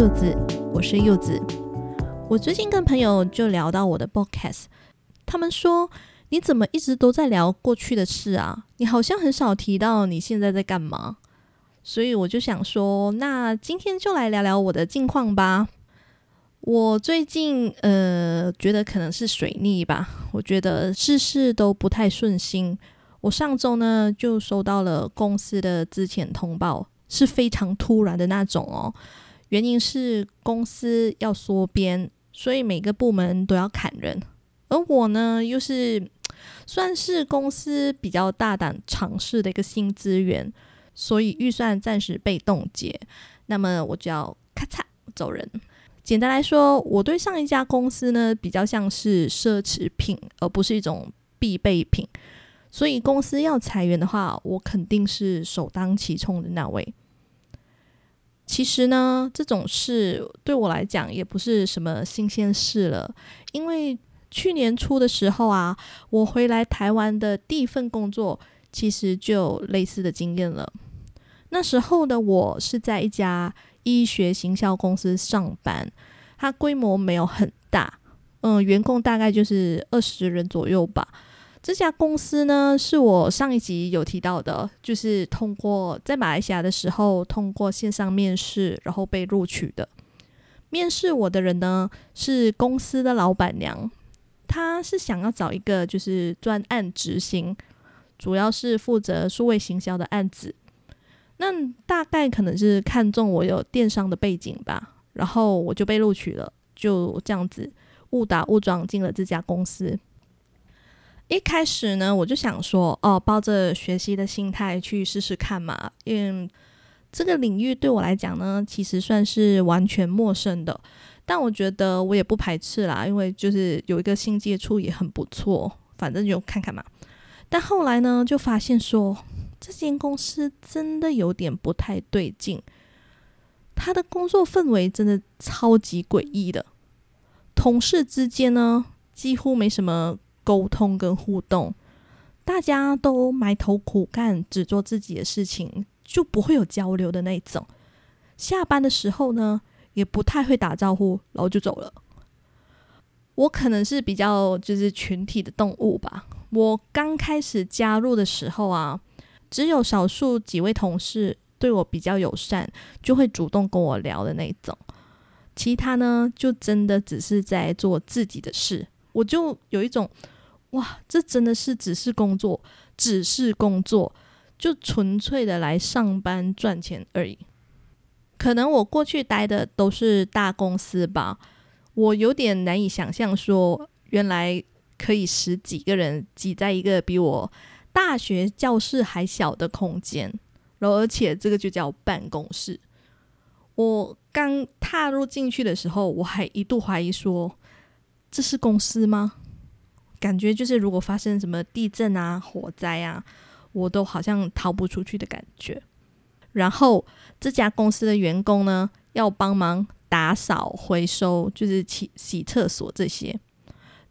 柚子，我是柚子。我最近跟朋友就聊到我的 podcast，他們說，你怎麼一直都在聊過去的事啊？你好像很少提到你現在在幹嘛。所以我就想說，那今天就來聊聊我的近況吧。我最近呃，覺得可能是水逆吧，我覺得事事都不太順心。我上周呢，就收到了公司的資遣通報，是非常突然的那種哦。原因是公司要縮編，所以每個部門都要砍人。而我呢，又是算是公司比較大膽嘗試的一個新資源，所以預算暫時被凍結，那麼我就要咔嚓走人。簡單來說，我對上一家公司呢，比較像是奢侈品，而不是一種必備品。所以公司要裁員的話，我肯定是首當其衝的那位。其實呢，這種事對我來講也不是什麼新鮮事了，因為去年初的時候啊，我回來台灣的第一份工作，其實就有類似的經驗了。那時候的我是在一家醫學行銷公司上班，它規模沒有很大，嗯、呃，員工大概就是二十人左右吧。這家公司呢，是我上一集有提到的，就是通過在馬來西亞的時候，通過線上面試，然後被錄取的。面試我的人呢，是公司的老闆娘，她是想要找一個就是專案執行，主要是負責數位行銷的案子。那大概可能是看中我有電商的背景吧，然後我就被錄取了，就這樣子誤打誤撞進了這家公司。一開始呢，我就想說，哦，抱着學習的心態去試試看嘛。因為這個領域對我來講呢，其實算是完全陌生的。但我覺得我也不排斥啦，因為就是有一個新接觸也很不錯，反正就看看嘛。但後來呢，就發現說，這間公司真的有點不太對勁，他的工作氛圍真的超級詭異的，同事之間呢，幾乎沒什麼溝通跟互動，大家都埋頭苦幹，只做自己的事情，就不會有交流的那種。下班的時候呢，也不太會打招呼，然後就走了。我可能是比較就是群體的動物吧。我剛開始加入的時候啊，只有少數幾位同事對我比較友善，就會主動跟我聊的那種。其他呢，就真的只是在做自己的事。我就有一種，哇，這真的是只是工作，只是工作，就純粹的來上班賺錢而已。可能我過去待的都是大公司吧，我有點難以想象說原來可以十幾個人擠在一個比我大學教室還小的空間，然後而且這個就叫辦公室。我剛踏入進去的時候，我還一度懷疑說，這是公司嗎？感覺就是如果發生什麼地震啊、火災啊，我都好像逃不出去的感覺。然後這家公司的員工呢，要幫忙打掃、回收，就是洗洗廁所這些。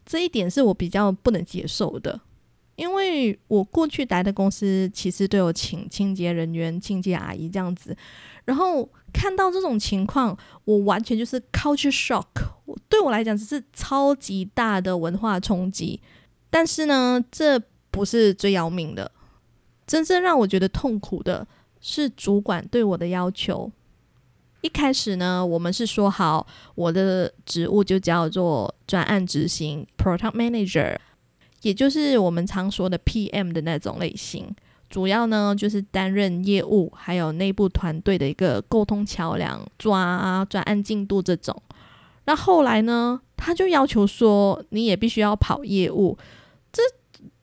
這一點是我比較不能接受的，因為我過去來的公司其實都有請清潔人員、清潔阿姨這樣子。然後看到這種情況，我完全就是 culture shock。對我來講，這是超級大的文化衝擊。但是呢，這不是最要命的。真正讓我覺得痛苦的是，主管對我的要求。一開始呢，我們是說好，我的職務就叫做專案執行 Product Manager，也就是我們常說的 PM 的那種類型。主要呢，就是擔任業務還有內部團隊的一個溝通橋梁，抓專案進度這種。那後來呢？他就要求說，你也必須要跑業務。這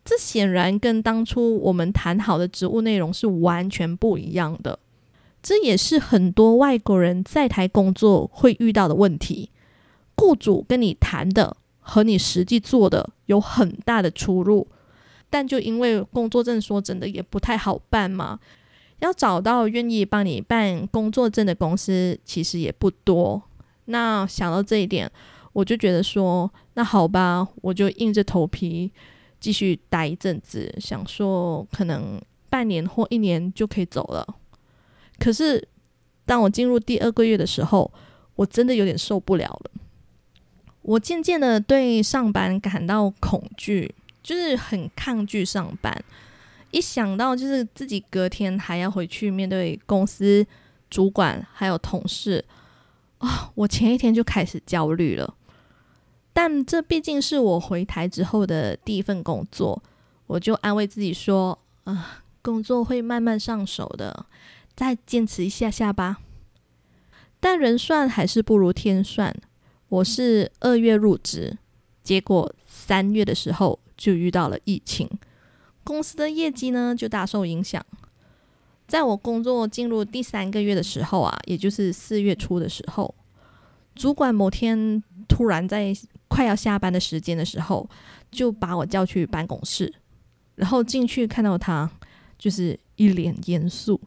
這顯然跟當初我們談好的職務內容是完全不一樣的。這也是很多外國人在台工作會遇到的問題：僱主跟你談的和你實際做的有很大的出入。但就因為工作證說真的也不太好辦嘛，要找到願意幫你辦工作證的公司，其實也不多。那想到這一點，我就覺得說，那好吧，我就硬着頭皮繼續待一陣子，想說可能半年或一年就可以走了。可是，當我進入第二個月的時候，我真的有點受不了了。我漸漸的對上班感到恐懼，就是很抗拒上班。一想到就是自己隔天還要回去面對公司、主管還有同事。啊、哦，我前一天就開始焦慮了，但這畢竟是我回台之後的第一份工作，我就安慰自己說，啊、呃，工作會慢慢上手的，再堅持一下下吧。但人算還是不如天算，我是二月入職，結果三月的時候就遇到了疫情，公司的業績呢就大受影響。在我工作進入第三個月的時候啊，也就是四月初的時候，主管某天突然在快要下班的時間的時候，就把我叫去辦公室，然後進去看到他就是一臉嚴肅，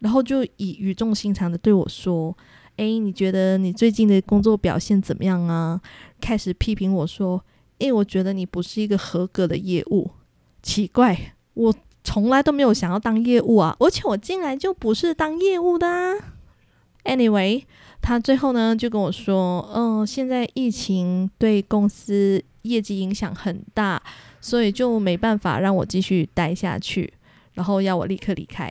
然後就以語重心長的對我說：“哎，你覺得你最近的工作表現怎麼樣啊？”開始批評我說：“哎，我覺得你不是一個合格的業務，奇怪，我。”從來都沒有想要當業務啊，而且我進來就不是當業務的啊。Anyway，他最後呢就跟我說：“嗯、呃，現在疫情對公司業績影響很大，所以就沒辦法讓我繼續待下去，然後要我立刻離開，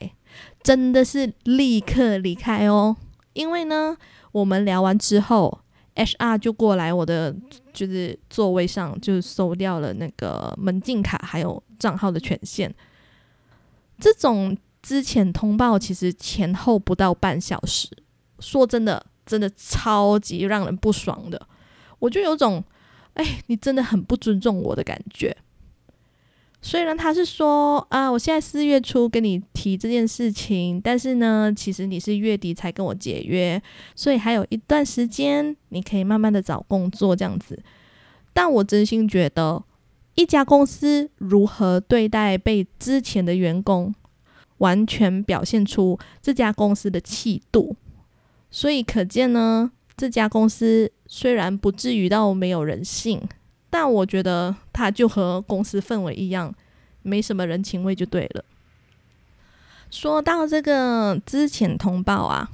真的是立刻離開哦。因為呢，我們聊完之後，HR 就過來我的就是座位上，就收掉了那個門禁卡還有賬號的權限。”這種資遣通報，其實前後不到半小時。說真的，真的超級讓人不爽的，我就有種，哎，你真的很不尊重我的感覺。雖然他是說啊，我現在四月初跟你提這件事情，但是呢，其實你是月底才跟我解約，所以還有一段時間，你可以慢慢的找工作這樣子。但我真心覺得。一家公司如何對待被資遣的員工，完全表現出這家公司的氣度，所以可見呢，這家公司雖然不至於到沒有人性，但我覺得它就和公司氛圍一樣，沒什麼人情味就對了。說到這個資遣通報啊，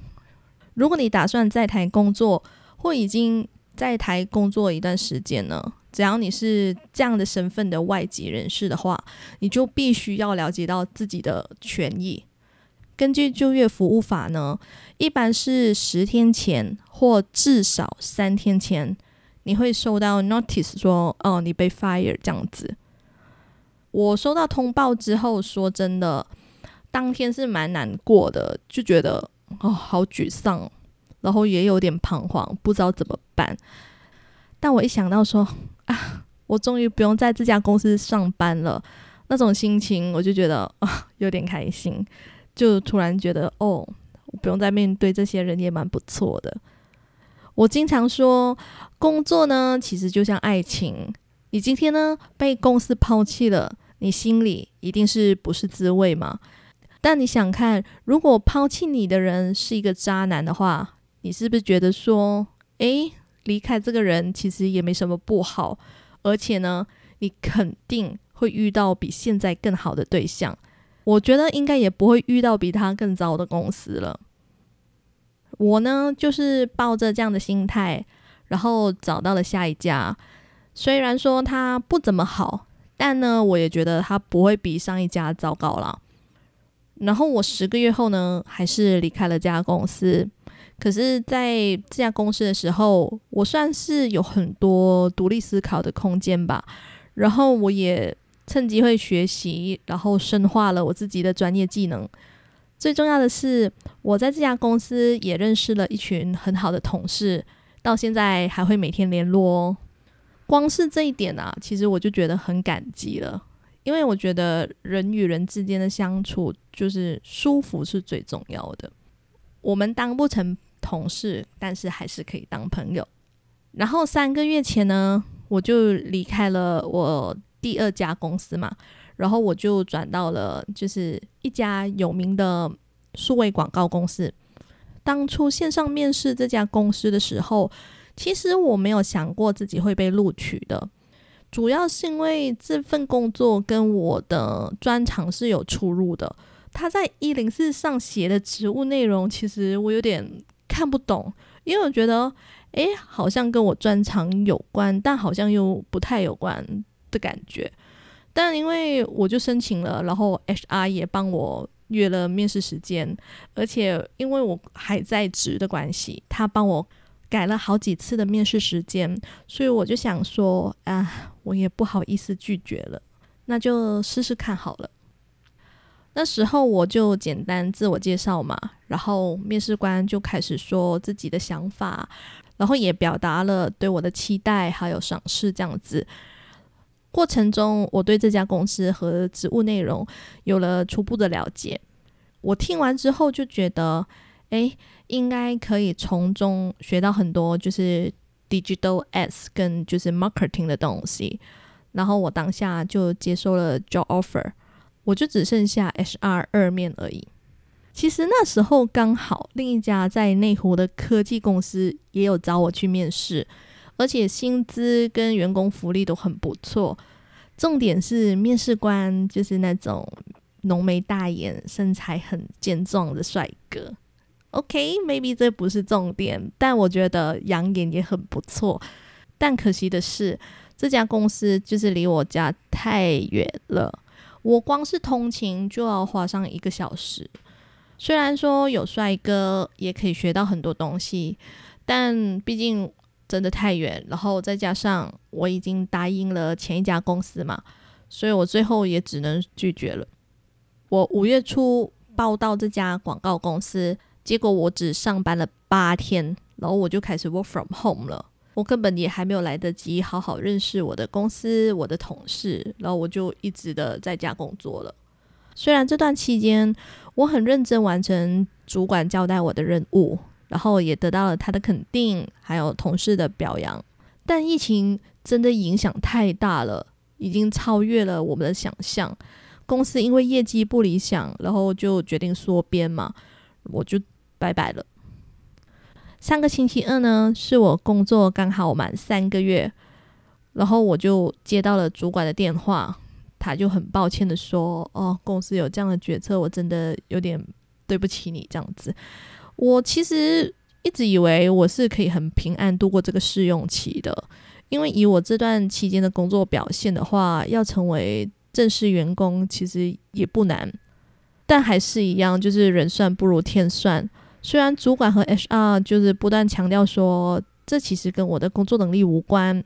如果你打算在台工作，或已經在台工作一段時間呢？只要你是這樣的身份的外籍人士的話，你就必須要了解到自己的權益。根據就業服務法呢，一般是十天前或至少三天前，你會收到 notice 說哦，你被 fire 這樣子。我收到通報之後，說真的，當天是蠻難過的，就覺得哦，好沮喪，然後也有點彷徨，不知道怎麼辦。但我一想到說，啊！我終於不用在這家公司上班了，那種心情我就覺得啊、哦，有點開心。就突然覺得，哦，不用再面對這些人也蠻不錯的。我經常說，工作呢，其實就像愛情。你今天呢，被公司拋棄了，你心裡一定是不是滋味嘛？但你想看，如果拋棄你的人是一個渣男的話，你是不是覺得說，哎？離開這個人其實也沒什麼不好，而且呢，你肯定會遇到比現在更好的對象。我覺得應該也不會遇到比他更糟的公司了。我呢，就是抱着這樣的心態，然後找到了下一家。雖然說他不怎麼好，但呢，我也覺得他不會比上一家糟糕了。然後我十個月後呢，還是離開了這家公司。可是，在這家公司的時候，我算是有很多獨立思考的空間吧。然後，我也趁機會學習，然後深化了我自己的專業技能。最重要的是，我在這家公司也認識了一群很好的同事，到現在還會每天聯絡哦。光是這一點啊，其實我就覺得很感激了，因為我覺得人與人之間的相處，就是舒服是最重要的。我們當不成。同事，但是還是可以當朋友。然後三個月前呢，我就離開了我第二家公司嘛，然後我就轉到了就是一家有名的數位廣告公司。當初線上面試這家公司的時候，其實我沒有想過自己會被錄取的，主要是因為這份工作跟我的專長是有出入的。他在一零四上寫的職務內容，其實我有點。看不懂，因為我覺得，哎、欸，好像跟我專長有關，但好像又不太有關的感覺。但因為我就申請了，然後 HR 也幫我約了面試時間，而且因為我還在職的關係，他幫我改了好幾次的面試時間，所以我就想說，啊，我也不好意思拒絕了，那就試試看好了。那時候我就簡單自我介紹嘛，然後面試官就開始說自己的想法，然後也表達了對我的期待還有賞識這樣子。過程中，我對這家公司和職務內容有了初步的了解。我聽完之後就覺得，哎，應該可以從中學到很多，就是 digital ads 跟就是 marketing 的東西。然後我當下就接受了 job offer。我就只剩下 HR 二面而已。其實那時候剛好另一家在內湖的科技公司也有找我去面試，而且薪資跟員工福利都很不錯。重點是面試官就是那種濃眉大眼、身材很健壯的帥哥。OK，maybe 這不是重點，但我覺得養眼也很不錯。但可惜的是，這家公司就是離我家太遠了。我光是通勤就要花上一個小時，雖然說有帥哥也可以學到很多東西，但畢竟真的太遠，然後再加上我已經答應了前一家公司嘛，所以我最後也只能拒絕了。我五月初報到這家廣告公司，結果我只上班了八天，然後我就開始 work from home 了。我根本也還沒有來得及好好認識我的公司、我的同事，然後我就一直的在家工作了。雖然這段期間我很認真完成主管交代我的任務，然後也得到了他的肯定，還有同事的表揚，但疫情真的影響太大了，已經超越了我們的想象。公司因為業績不理想，然後就決定縮編嘛，我就拜拜了。上個星期二呢，是我工作剛好滿三個月，然後我就接到了主管的電話，他就很抱歉地說：“哦，公司有這樣的決策，我真的有點對不起你這樣子。”我其實一直以為我是可以很平安度過這個試用期的，因為以我這段期間的工作表現的話，要成為正式員工其實也不難，但還是一樣，就是人算不如天算。雖然主管和 HR 就是不斷強調說，這其實跟我的工作能力無關，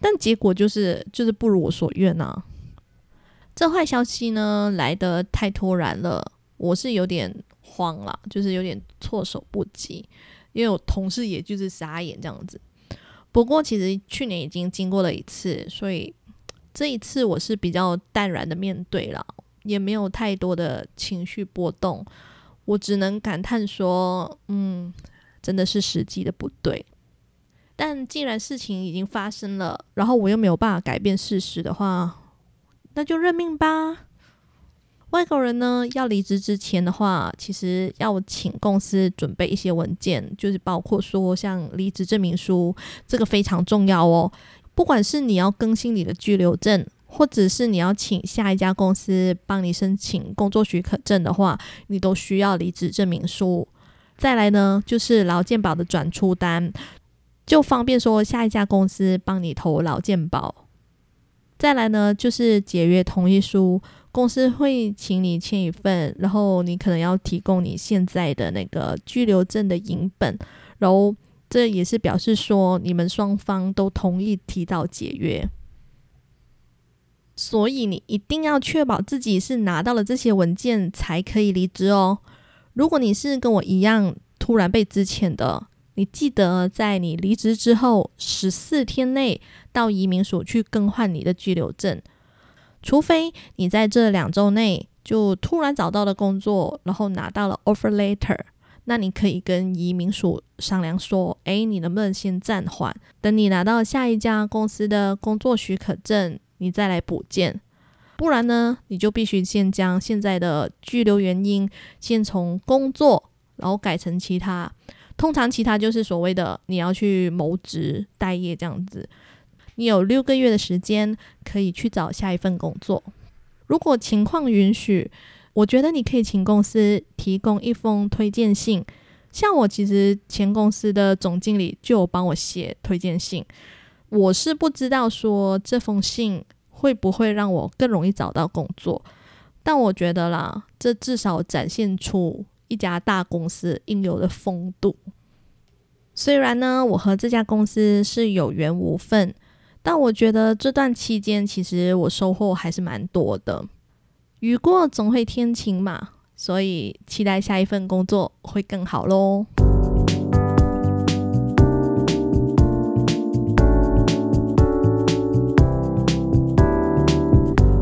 但結果就是就是不如我所願吶。這壞消息呢，來得太突然了，我是有點慌了，就是有點措手不及，因為我同事也就是傻眼這樣子。不過其實去年已經經過了一次，所以這一次我是比較淡然的面對了，也沒有太多的情緒波動。我只能感嘆說，嗯，真的是時機的不對。但既然事情已經發生了，然後我又沒有辦法改變事實的話，那就認命吧。外國人呢，要離職之前的話，其實要請公司準備一些文件，就是包括說像離職證明書，這個非常重要哦。不管是你要更新你的居留證。或者是你要請下一家公司幫你申請工作許可證的話，你都需要離職證明書。再來呢，就是勞健保的轉出單，就方便說下一家公司幫你投勞健保。再來呢，就是解約同意書，公司會請你簽一份，然後你可能要提供你現在的那個居留證的影本，然後這也是表示說你們雙方都同意提早解約。所以你一定要確保自己是拿到了這些文件才可以離職哦。如果你是跟我一樣突然被資遣的，你記得在你離職之後十四天內到移民署去更換你的居留證。除非你在這兩周內就突然找到了工作，然後拿到了 offer letter，那你可以跟移民署商量說，哎，你能不能先暫緩，等你拿到下一家公司的工作許可證。你再來補件，不然呢，你就必須先將現在的居留原因先從工作，然後改成其他。通常其他就是所謂的你要去謀職待業這樣子。你有六個月的時間可以去找下一份工作。如果情況允許，我覺得你可以請公司提供一封推薦信。像我其實前公司的總經理就有幫我寫推薦信。我是不知道說這封信會不會讓我更容易找到工作，但我覺得啦，這至少展現出一家大公司應有的風度。雖然呢，我和這家公司是有緣無分，但我覺得這段期間其實我收穫還是蠻多的。雨過總會天晴嘛，所以期待下一份工作會更好嘍。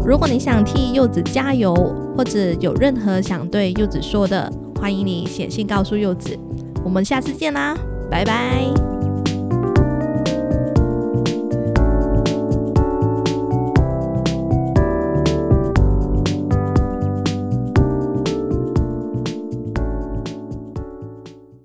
如果你想替柚子加油，或者有任何想對柚子說的，歡迎你寫信告訴柚子。我們下次見啦，拜拜。